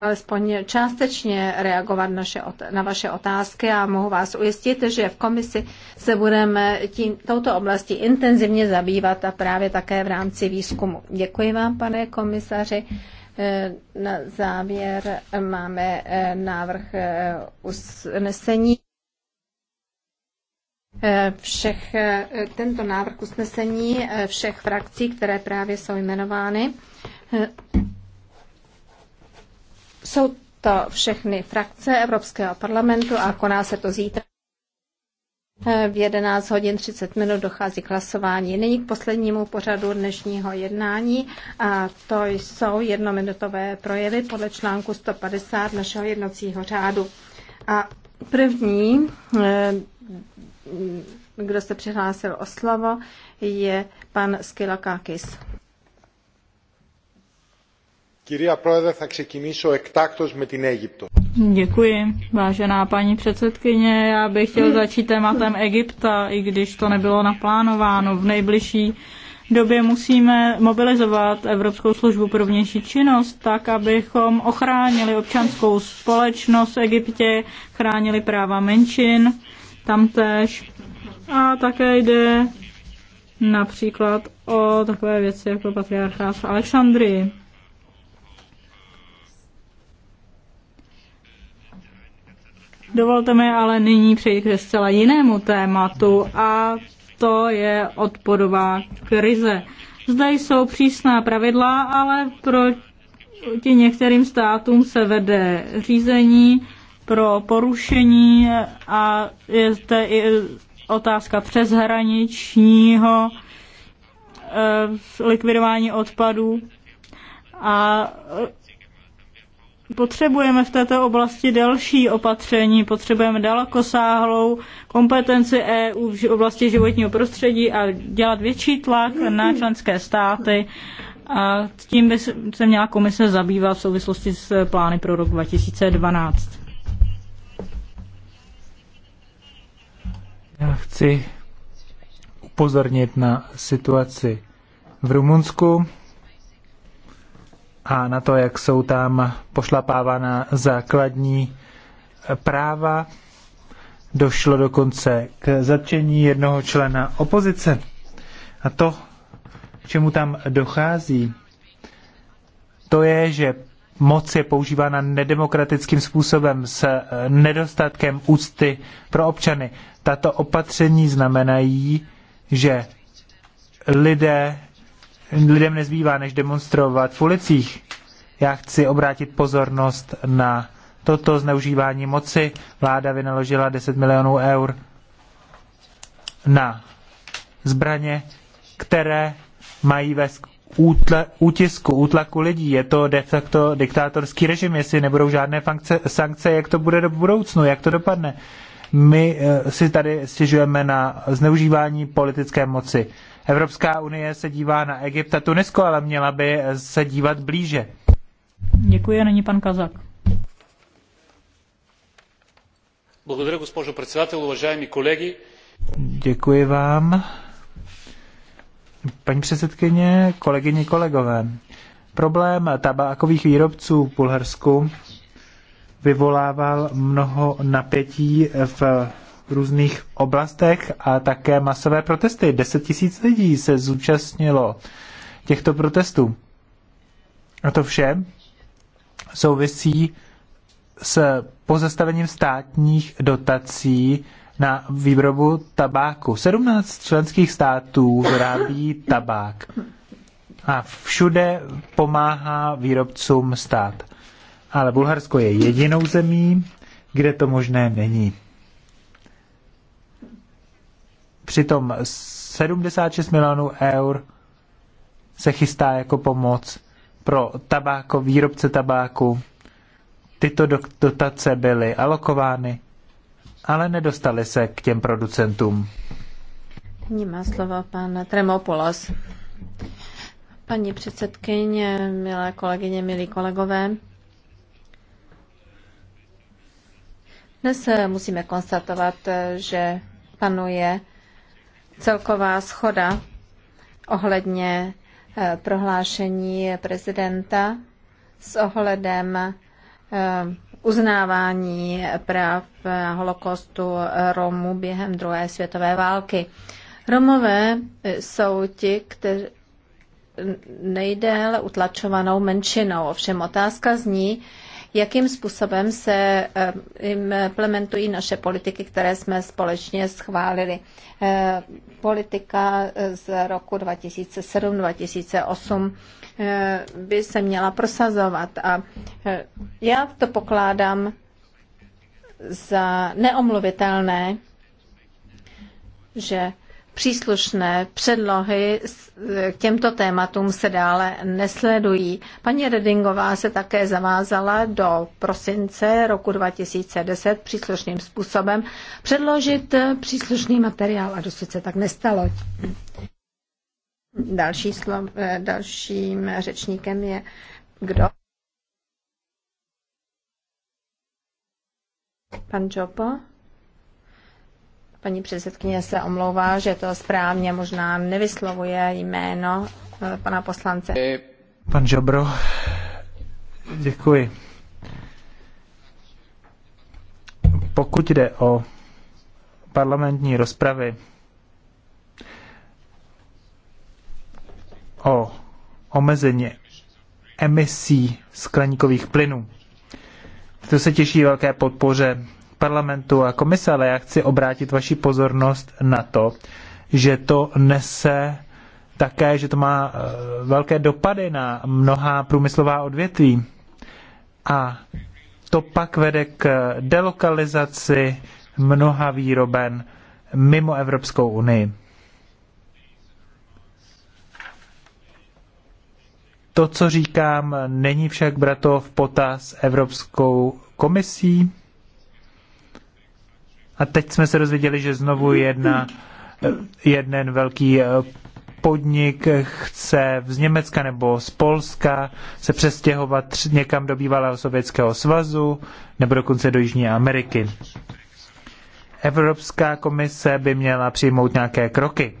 alespoň částečně reagovat naše, na vaše otázky a mohu vás ujistit, že v komisi se budeme tím, touto oblasti intenzivně zabývat a právě také v rámci výzkumu. Děkuji vám, pane komisaři. Eh, na závěr máme eh, návrh eh, usnesení. Všech, tento návrh usnesení všech frakcí, které právě jsou jmenovány. Jsou to všechny frakce Evropského parlamentu a koná se to zítra. V 11 hodin 30 minut dochází k hlasování. Nyní k poslednímu pořadu dnešního jednání a to jsou jednominutové projevy podle článku 150 našeho jednacího řádu. A první, eh, kdo se přihlásil o slovo, je pan Skilakakis. Děkuji, vážená paní předsedkyně. Já bych chtěl začít tématem Egypta, i když to nebylo naplánováno. V nejbližší době musíme mobilizovat Evropskou službu pro vnější činnost tak, abychom ochránili občanskou společnost v Egyptě, chránili práva menšin tamtéž. A také jde například o takové věci jako patriarchát v Alexandrii. Dovolte mi ale nyní přejít ke zcela jinému tématu a to je odpadová krize. Zde jsou přísná pravidla, ale proti některým státům se vede řízení pro porušení a je zde i otázka přeshraničního eh, likvidování odpadů. A Potřebujeme v této oblasti další opatření, potřebujeme dalekosáhlou kompetenci EU v oblasti životního prostředí a dělat větší tlak na členské státy. A tím by se měla komise zabývat v souvislosti s plány pro rok 2012. Já chci upozornit na situaci v Rumunsku a na to, jak jsou tam pošlapávána základní práva. Došlo dokonce k zatčení jednoho člena opozice. A to, k čemu tam dochází, to je, že moc je používána nedemokratickým způsobem s eh, nedostatkem úcty pro občany. Tato opatření znamenají, že lidé lidem nezbývá, než demonstrovat v ulicích. Já chci obrátit pozornost na toto zneužívání moci. Vláda vynaložila 10 milionů eur na zbraně, které mají ve útisku, útlaku lidí. Je to de facto diktátorský režim, jestli nebudou žádné funkce, sankce, jak to bude do budoucnu, jak to dopadne. My eh, si tady stěžujeme na zneužívání politické moci. Evropská unie se dívá na Egypt a Tunisko, ale měla by se dívat blíže. Děkuji, není pan Kazak. Děkuji vám. Paní předsedkyně, kolegyně, kolegové. Problém tabákových výrobců v Bulharsku vyvolával mnoho napětí v různých oblastech a také masové protesty. 10 tisíc lidí se zúčastnilo těchto protestů. A to vše souvisí s pozastavením státních dotací na výrobu tabáku. 17 členských států vyrábí tabák a všude pomáhá výrobcům stát. Ale Bulharsko je jedinou zemí, kde to možné není. Přitom 76 milionů eur se chystá jako pomoc pro tabáko, výrobce tabáku. Tyto dotace byly alokovány, ale nedostaly se k těm producentům. Nyní má slovo pan Tremopoulos. Paní předsedkyně, milé kolegyně, milí kolegové, dnes eh, musíme konstatovat, eh, že panuje celková schoda ohledně eh, prohlášení prezidenta s ohledem eh, uznávání práv holokostu Romů během druhé světové války. Romové eh, jsou ti, kteří nejdéle utlačovanou menšinou. Ovšem otázka zní, jakým způsobem se eh, implementují naše politiky, které jsme společně schválili. Eh, politika eh, z roku 2007-2008 by se měla prosazovat a já to pokládám za neomluvitelné, že Příslušné předlohy eh, k těmto tématům se dále nesledují. Paní Redingová se také zavázala do prosince roku 2010 příslušným způsobem předložit eh, příslušný materiál a dosud se tak nestalo. Další slov, eh, dalším řečníkem je kdo? Pan Jopo? Paní předsedkyně se omlouvá, že to správně možná nevyslovuje jméno eh, pana poslance. Eh, Pan Žobro, děkuji. Pokud jde o parlamentní rozpravy o omezení emisí skleníkových plynů, to se těší velké podpoře parlamentu a komise, ale já chci obrátit vaši pozornost na to, že to nese také, že to má eh, velké dopady na mnohá průmyslová odvětví. A to pak vede k delokalizaci mnoha výroben mimo Evropskou unii. To, co říkám, není však brato v potaz Evropskou komisí a teď jsme se dozvěděli, že znovu jedna, jeden velký eh, podnik chce z Německa nebo z Polska se přestěhovat někam do bývalého Sovětského svazu nebo dokonce do Jižní Ameriky. Evropská komise by měla přijmout nějaké kroky.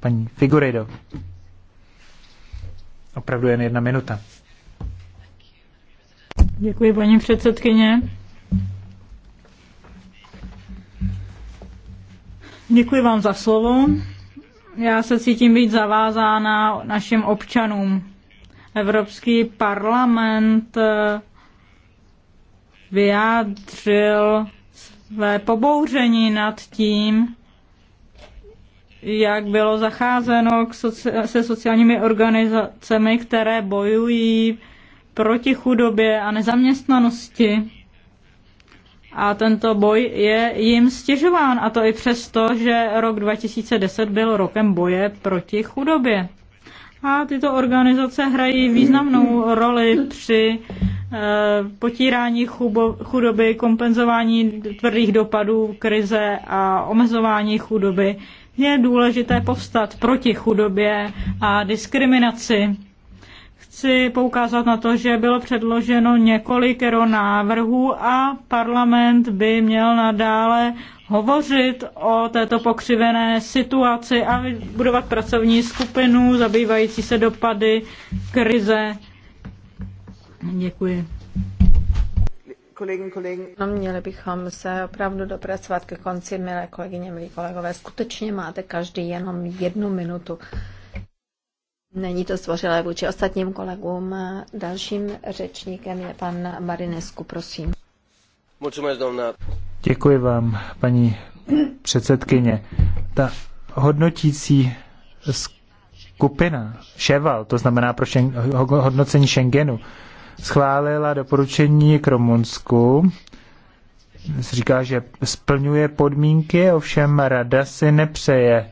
Paní Figurido. Opravdu jen jedna minuta. Děkuji, paní předsedkyně. Děkuji vám za slovo. Já se cítím být zavázána našim občanům. Evropský parlament eh, vyjádřil své pobouření nad tím, jak bylo zacházeno k soci- se sociálními organizacemi, které bojují proti chudobě a nezaměstnanosti a tento boj je jim stěžován a to i přesto, že rok 2010 byl rokem boje proti chudobě. A tyto organizace hrají významnou roli při eh, potírání chudoby, kompenzování tvrdých dopadů krize a omezování chudoby. Je důležité povstat proti chudobě a diskriminaci chci poukázat na to, že bylo předloženo několikero návrhů a parlament by měl nadále hovořit o této pokřivené situaci a budovat pracovní skupinu zabývající se dopady krize. Děkuji. Kolegyn, kolegyn. No, měli bychom se opravdu dopracovat ke konci, milé kolegyně, milí kolegové. Skutečně máte každý jenom jednu minutu. Není to zvořilé vůči ostatním kolegům. Dalším řečníkem je pan Marinesku, prosím. Děkuji vám, paní předsedkyně. Ta hodnotící skupina Ševal, to znamená pro šen, hodnocení Schengenu, schválila doporučení k Rumunsku. Říká, že splňuje podmínky, ovšem rada si nepřeje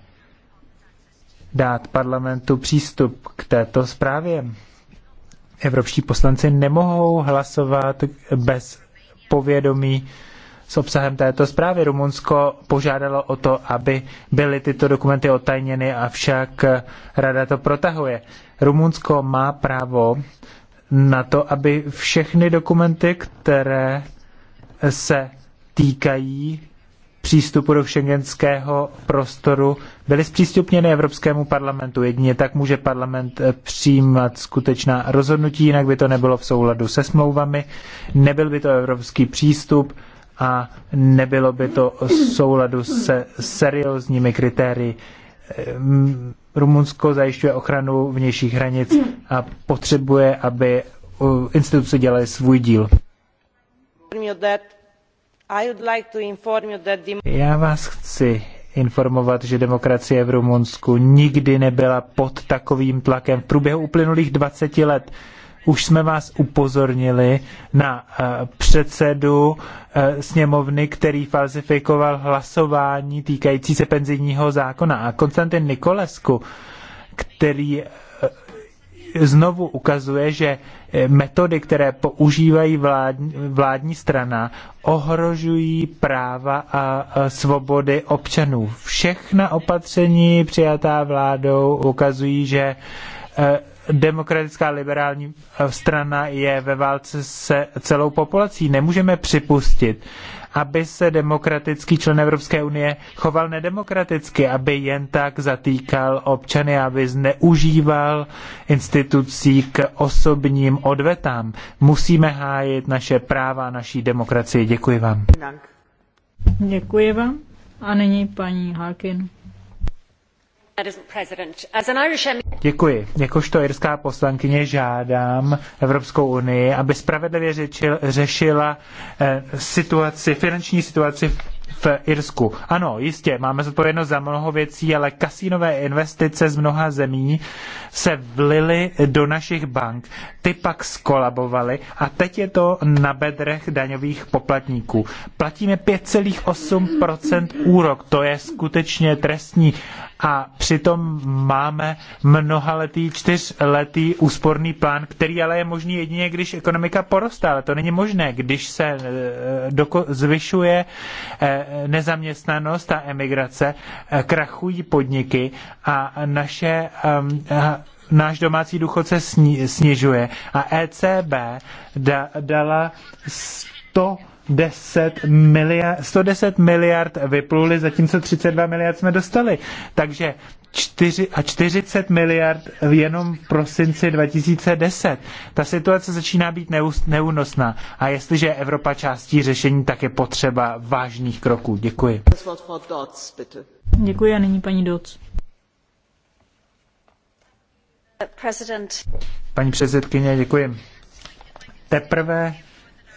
dát parlamentu přístup k této zprávě. Evropští poslanci nemohou hlasovat bez povědomí s obsahem této zprávy. Rumunsko požádalo o to, aby byly tyto dokumenty otajněny, avšak rada to protahuje. Rumunsko má právo na to, aby všechny dokumenty, které se týkají přístupu do šengenského prostoru byly zpřístupněny Evropskému parlamentu. Jedině tak může parlament eh, přijímat skutečná rozhodnutí, jinak by to nebylo v souladu se smlouvami, nebyl by to evropský přístup a nebylo by to v souladu se seriózními kritérii. Eh, Rumunsko zajišťuje ochranu vnějších hranic a potřebuje, aby eh, instituce dělaly svůj díl. Já vás chci informovat, že demokracie v Rumunsku nikdy nebyla pod takovým tlakem. V průběhu uplynulých 20 let už jsme vás upozornili na eh, předsedu eh, sněmovny, který falsifikoval hlasování týkající se penzijního zákona. A Konstantin Nikolesku, který eh, znovu ukazuje, že eh, metody, které používají vládní, vládní strana, ohrožují práva a svobody občanů. Všechna opatření přijatá vládou ukazují, že eh, demokratická liberální eh, strana je ve válce se celou populací. Nemůžeme připustit, aby se demokratický člen Evropské unie choval nedemokraticky, aby jen tak zatýkal občany, aby zneužíval institucí k osobním odvetám. Musíme hájit naše práva, naší demokracii. Děkuji vám. Děkuji vám. A nyní paní Harkin. Děkuji. Jakožto irská poslankyně žádám Evropskou unii, aby spravedlivě řečil, řešila eh, situaci, finanční situaci v Irsku. Ano, jistě, máme zodpovědnost za mnoho věcí, ale kasínové investice z mnoha zemí se vlily do našich bank. Ty pak skolabovaly a teď je to na bedrech daňových poplatníků. Platíme 5,8% úrok, to je skutečně trestní a přitom máme mnohaletý, čtyřletý úsporný plán, který ale je možný jedině, když ekonomika poroste, ale to není možné, když se eh, doko- zvyšuje eh, nezaměstnanost a emigrace, eh, krachují podniky a naše náš domácí důchod se snižuje a ECB da, dala 100 10 miliard, 110 miliard vypluli, zatímco 32 miliard jsme dostali. Takže 4 a 40 miliard jenom v prosinci 2010. Ta situace začíná být neúnosná. A jestliže je Evropa částí řešení, tak je potřeba vážných kroků. Děkuji. Děkuji a nyní paní Doc. Paní předsedkyně, děkuji. Teprve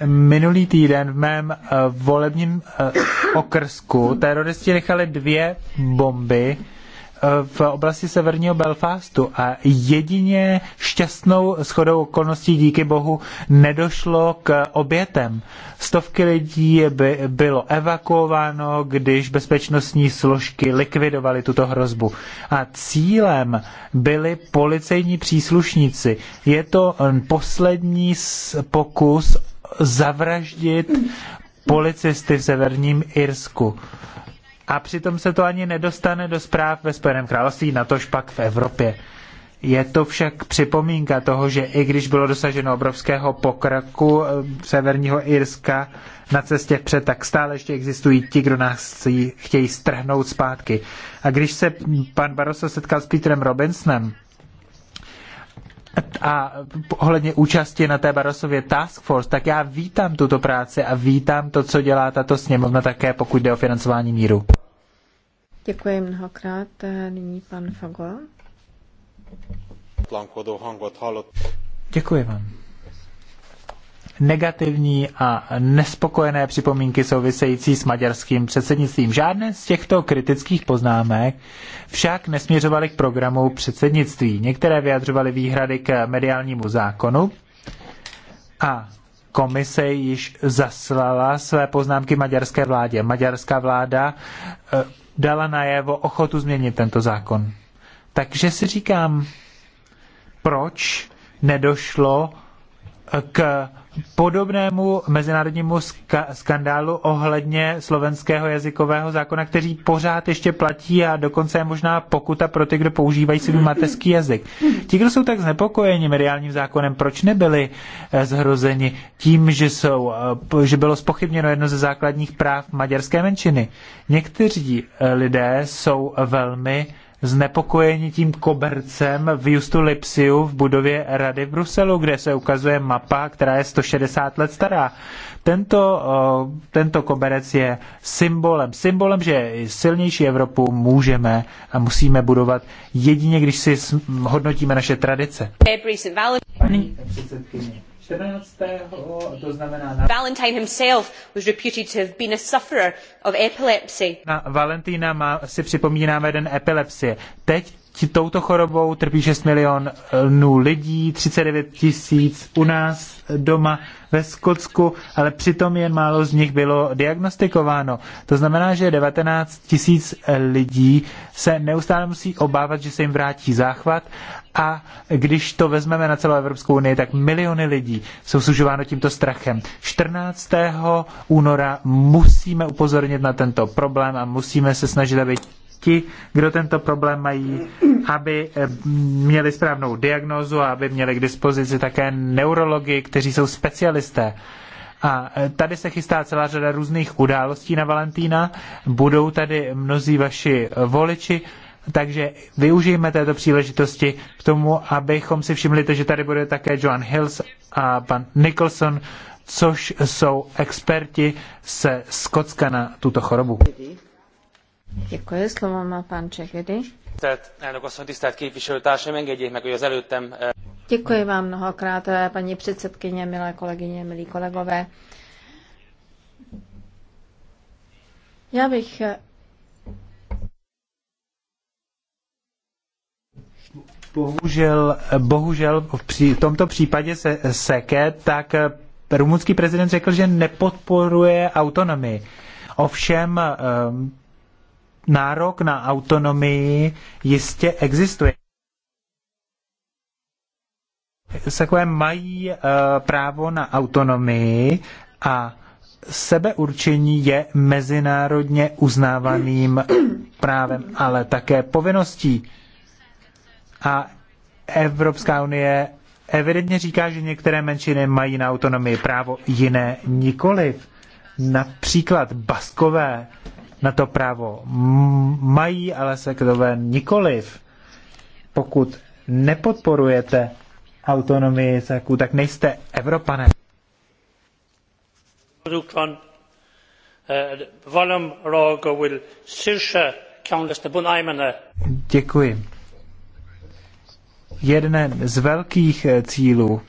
minulý týden v mém eh, volebním eh, okrsku teroristi nechali dvě bomby eh, v oblasti severního Belfastu a jedině šťastnou shodou okolností díky bohu nedošlo k obětem. Stovky lidí by bylo evakuováno, když bezpečnostní složky likvidovaly tuto hrozbu. A cílem byli policejní příslušníci. Je to poslední pokus zavraždit policisty v severním Irsku. A přitom se to ani nedostane do zpráv ve Spojeném království, natož pak v Evropě. Je to však připomínka toho, že i když bylo dosaženo obrovského pokraku eh, severního Irska na cestě před, tak stále ještě existují ti, kdo nás chtějí strhnout zpátky. A když se pan Barroso setkal s Petrem Robinsonem, a ohledně účasti na té Barosově Task Force, tak já vítám tuto práci a vítám to, co dělá tato sněmovna také, pokud jde o financování míru. Děkuji mnohokrát. Eh, nyní pan Fagol. Děkuji vám negativní a nespokojené připomínky související s maďarským předsednictvím. Žádné z těchto kritických poznámek však nesměřovaly k programu předsednictví. Některé vyjadřovaly výhrady k mediálnímu zákonu a komise již zaslala své poznámky maďarské vládě. Maďarská vláda eh, dala najevo ochotu změnit tento zákon. Takže si říkám, proč nedošlo eh, k podobnému mezinárodnímu ska- skandálu ohledně slovenského jazykového zákona, který pořád ještě platí a dokonce je možná pokuta pro ty, kdo používají svůj mateřský jazyk. Ti, kdo jsou tak znepokojeni mediálním zákonem, proč nebyli eh, zhrozeni tím, že, jsou, eh, že bylo spochybněno jedno ze základních práv maďarské menšiny? Někteří eh, lidé jsou velmi znepokojeni tím kobercem v Justu Lipsiu v budově Rady v Bruselu, kde se ukazuje mapa, která je 160 let stará. Tento, tento koberec je symbolem, symbolem, že silnější Evropu můžeme a musíme budovat jedině, když si hodnotíme naše tradice. Paní předsedkyně. 14. to znamená na... Valentine himself was reputed to have been a sufferer of epilepsy. Na Valentína má, si připomínáme den epilepsie. Teď touto chorobou trpí 6 milionů eh, lidí, 39 tisíc u nás doma ve Skotsku, ale přitom jen málo z nich bylo diagnostikováno. To znamená, že 19 tisíc eh, lidí se neustále musí obávat, že se jim vrátí záchvat a když to vezmeme na celou Evropskou unii, tak miliony lidí jsou sužováno tímto strachem. 14. února musíme upozornit na tento problém a musíme se snažit, aby ti, kdo tento problém mají, aby eh, měli správnou diagnózu a aby měli k dispozici také neurologi, kteří jsou specialisté. A eh, tady se chystá celá řada různých událostí na Valentína. Budou tady mnozí vaši voliči, takže využijeme této příležitosti k tomu, abychom si všimli to, že tady bude také Joan Hills a pan Nicholson, což jsou experti se Skotska na tuto chorobu. Děkuji, slovo má pan Čechedy. Eh, Děkuji vám mnohokrát, eh, paní předsedkyně, milé kolegyně, milí kolegové. Já bych eh, Bohužel, bohužel v tomto případě se Seke, tak rumunský prezident řekl, že nepodporuje autonomii. Ovšem nárok na autonomii jistě existuje. Sekové mají uh, právo na autonomii a sebeurčení je mezinárodně uznávaným právem, ale také povinností. A Evropská unie evidentně říká, že některé menšiny mají na autonomii právo, jiné nikoliv. Například baskové na to právo mají, ale sektové nikoliv. Pokud nepodporujete autonomii seků, tak nejste Evropané. Eh, eh, eh. Děkuji. Jeden z velkých cílů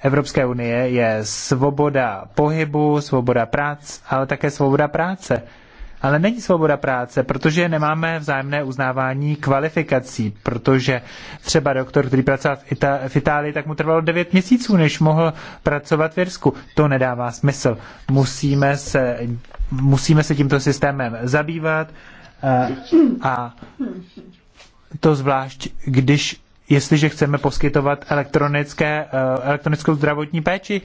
Evropské unie je svoboda pohybu, svoboda práce, ale také svoboda práce ale není svoboda práce, protože nemáme vzájemné uznávání kvalifikací, protože třeba doktor, který pracoval v, Ita- v Itálii, tak mu trvalo 9 měsíců, než mohl pracovat v Irsku. To nedává smysl. Musíme se, musíme se tímto systémem zabývat a, eh, a to zvlášť, když jestliže chceme poskytovat elektronické, eh, elektronickou zdravotní péči,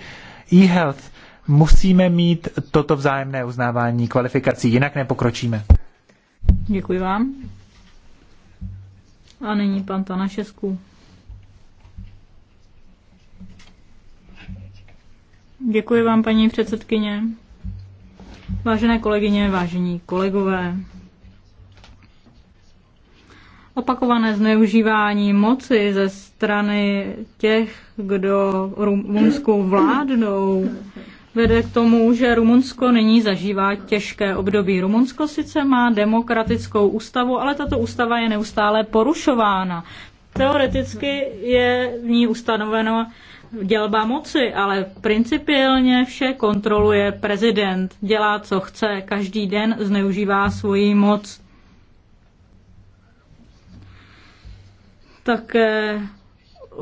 e-health, musíme mít toto vzájemné uznávání kvalifikací, jinak nepokročíme. Děkuji vám. A nyní pan Tanašesku. Děkuji vám, paní předsedkyně. Vážené kolegyně, vážení kolegové. Opakované zneužívání moci ze strany těch, kdo rumunskou vládnou, vede k tomu, že Rumunsko nyní zažívá těžké období. Rumunsko sice má demokratickou ústavu, ale tato ústava je neustále porušována. Teoreticky je v ní ustanoveno dělba moci, ale principiálně vše kontroluje prezident. Dělá, co chce, každý den zneužívá svoji moc. Také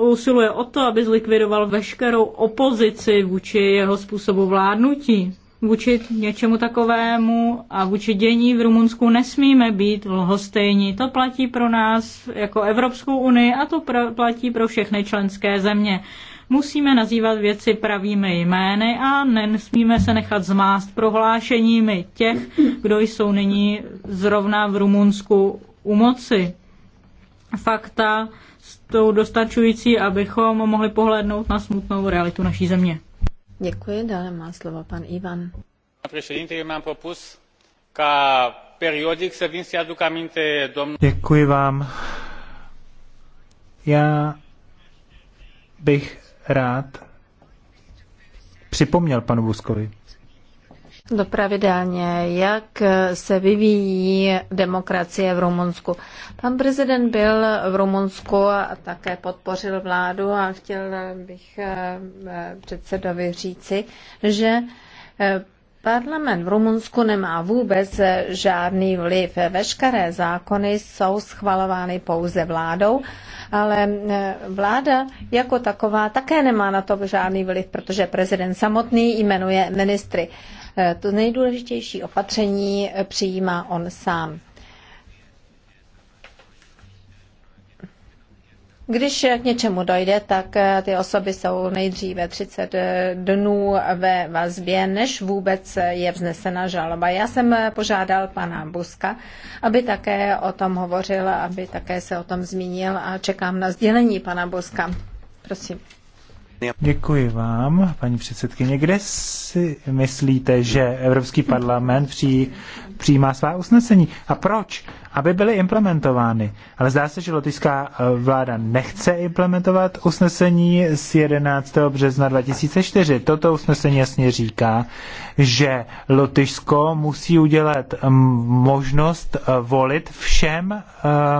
usiluje o to, aby zlikvidoval veškerou opozici vůči jeho způsobu vládnutí. Vůči něčemu takovému a vůči dění v Rumunsku nesmíme být lhostejní. To platí pro nás jako Evropskou unii a to platí pro všechny členské země. Musíme nazývat věci pravými jmény a nesmíme se nechat zmást prohlášeními těch, kdo jsou nyní zrovna v Rumunsku u moci. Fakta tou dostačující, abychom mohli pohlédnout na smutnou realitu naší země. Děkuji, dále má slovo pan Ivan. Děkuji vám. Já bych rád připomněl panu Buskovi, pravidelně, jak se vyvíjí demokracie v Rumunsku. Pan prezident byl v Rumunsku a také podpořil vládu a chtěl bych eh, předsedovi říci, že eh, Parlament v Rumunsku nemá vůbec žádný vliv. Veškeré zákony jsou schvalovány pouze vládou, ale eh, vláda jako taková také nemá na to žádný vliv, protože prezident samotný jmenuje ministry. Eh, to nejdůležitější opatření eh, přijímá on sám. Když k něčemu dojde, tak eh, ty osoby jsou nejdříve 30 dnů ve vazbě, než vůbec je vznesena žaloba. Já jsem požádal pana Buska, aby také o tom hovořil, aby také se o tom zmínil a čekám na sdělení pana Buska. Prosím. Děkuji vám, paní předsedkyně. Kde si myslíte, že Evropský parlament při, přijímá svá usnesení? A proč? Aby byly implementovány. Ale zdá se, že lotyšská eh, vláda nechce implementovat usnesení z 11. března 2004. Toto usnesení jasně říká, že Lotyšsko musí udělat mm, možnost eh, volit všem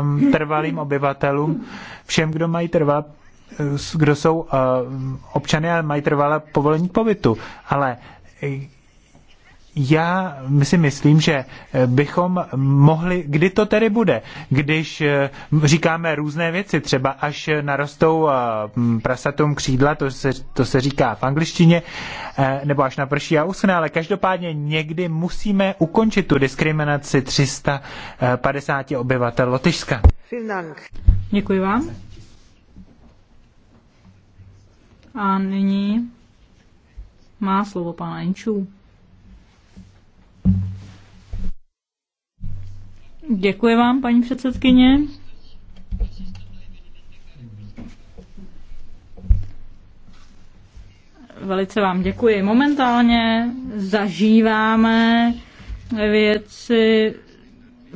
um, trvalým obyvatelům, všem, kdo mají trvat kdo jsou eh, občany a mají trvalé povolení k pobytu. Ale já si myslím, že eh, bychom mohli, kdy to tedy bude, když eh, říkáme různé věci, třeba až narostou prasatům křídla, to se, to se říká v angličtině, nebo až naprší a usne, ale každopádně někdy musíme ukončit tu diskriminaci 350 obyvatel Lotyšska. Děkuji vám. A nyní má slovo pan Enčů. Děkuji vám, paní předsedkyně. Velice vám děkuji. Momentálně zažíváme věci,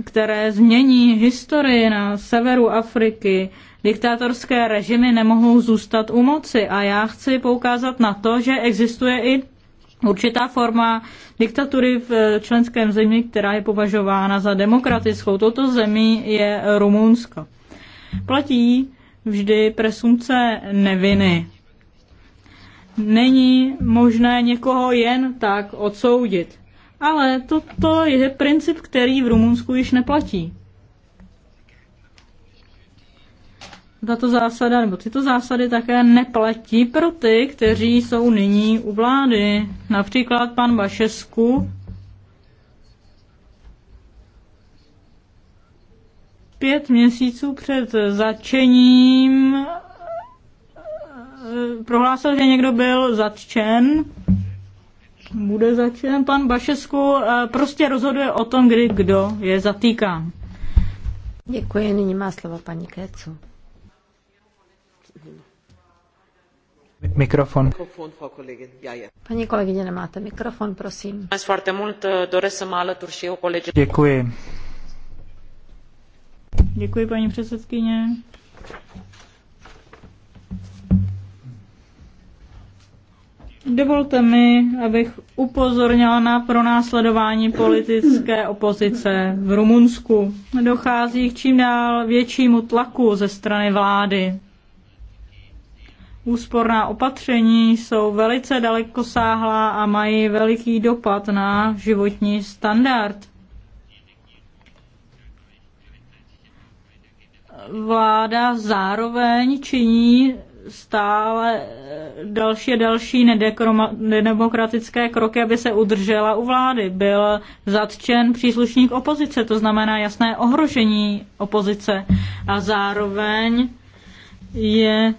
které změní historii na severu Afriky, Diktátorské režimy nemohou zůstat u moci a já chci poukázat na to, že existuje i určitá forma diktatury v členském zemi, která je považována za demokratickou. Toto zemí je Rumunsko. Platí vždy presumce neviny. Není možné někoho jen tak odsoudit. Ale toto je princip, který v Rumunsku již neplatí. tato zásada nebo tyto zásady také neplatí pro ty, kteří jsou nyní u vlády. Například pan Bašesku pět měsíců před zatčením eh, prohlásil, že někdo byl zatčen. Bude zatčen pan Bašesku. Eh, prostě rozhoduje o tom, kdy kdo je zatýkán. Děkuji. Nyní má slovo paní Kécu. Mikrofon. Paní kolegyně, nemáte mikrofon, prosím. Děkuji. Děkuji, paní předsedkyně. Dovolte mi, abych upozornila na pronásledování politické opozice v Rumunsku. Dochází k čím dál většímu tlaku ze strany vlády úsporná opatření jsou velice dalekosáhlá a mají veliký dopad na životní standard. Vláda zároveň činí stále další a další nedemokratické kroky, aby se udržela u vlády. Byl zatčen příslušník opozice, to znamená jasné ohrožení opozice. A zároveň je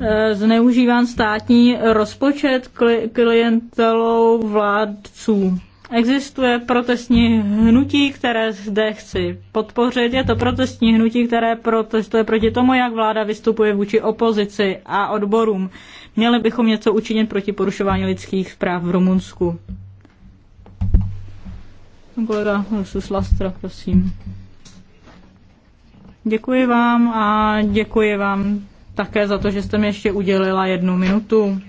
Eh, zneužíván státní rozpočet klientelou vládců. Existuje protestní hnutí, které zde chci podpořit. Je to protestní hnutí, které protestuje proti tomu, jak vláda vystupuje vůči opozici a odborům. Měli bychom něco učinit proti porušování lidských práv v Rumunsku. Kolega Lusus Lastra, prosím. Děkuji vám a děkuji vám také za to, že jste mi ještě udělila jednu minutu.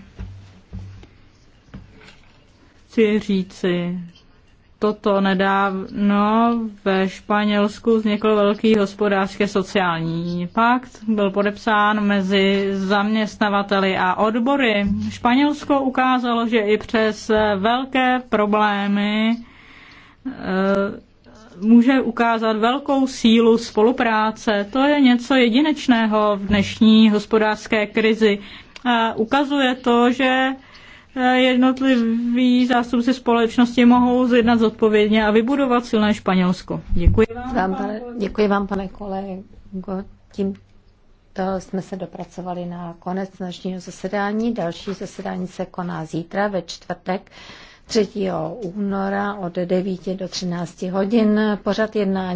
Chci říci, toto nedávno ve Španělsku vznikl velký hospodářské sociální pakt. Byl podepsán mezi zaměstnavateli a odbory. Španělsko ukázalo, že i přes velké problémy eh, může ukázat velkou sílu spolupráce. To je něco jedinečného v dnešní hospodářské krizi. A ukazuje to, že eh, jednotliví zástupci společnosti mohou zjednat zodpovědně a vybudovat silné Španělsko. Děkuji vám, vám pane, pane, děkuji vám, pane kolego. Tím to jsme se dopracovali na konec dnešního zasedání. Další zasedání se koná zítra ve čtvrtek. 3. února od 9 do 13 hodin. Pořad jednání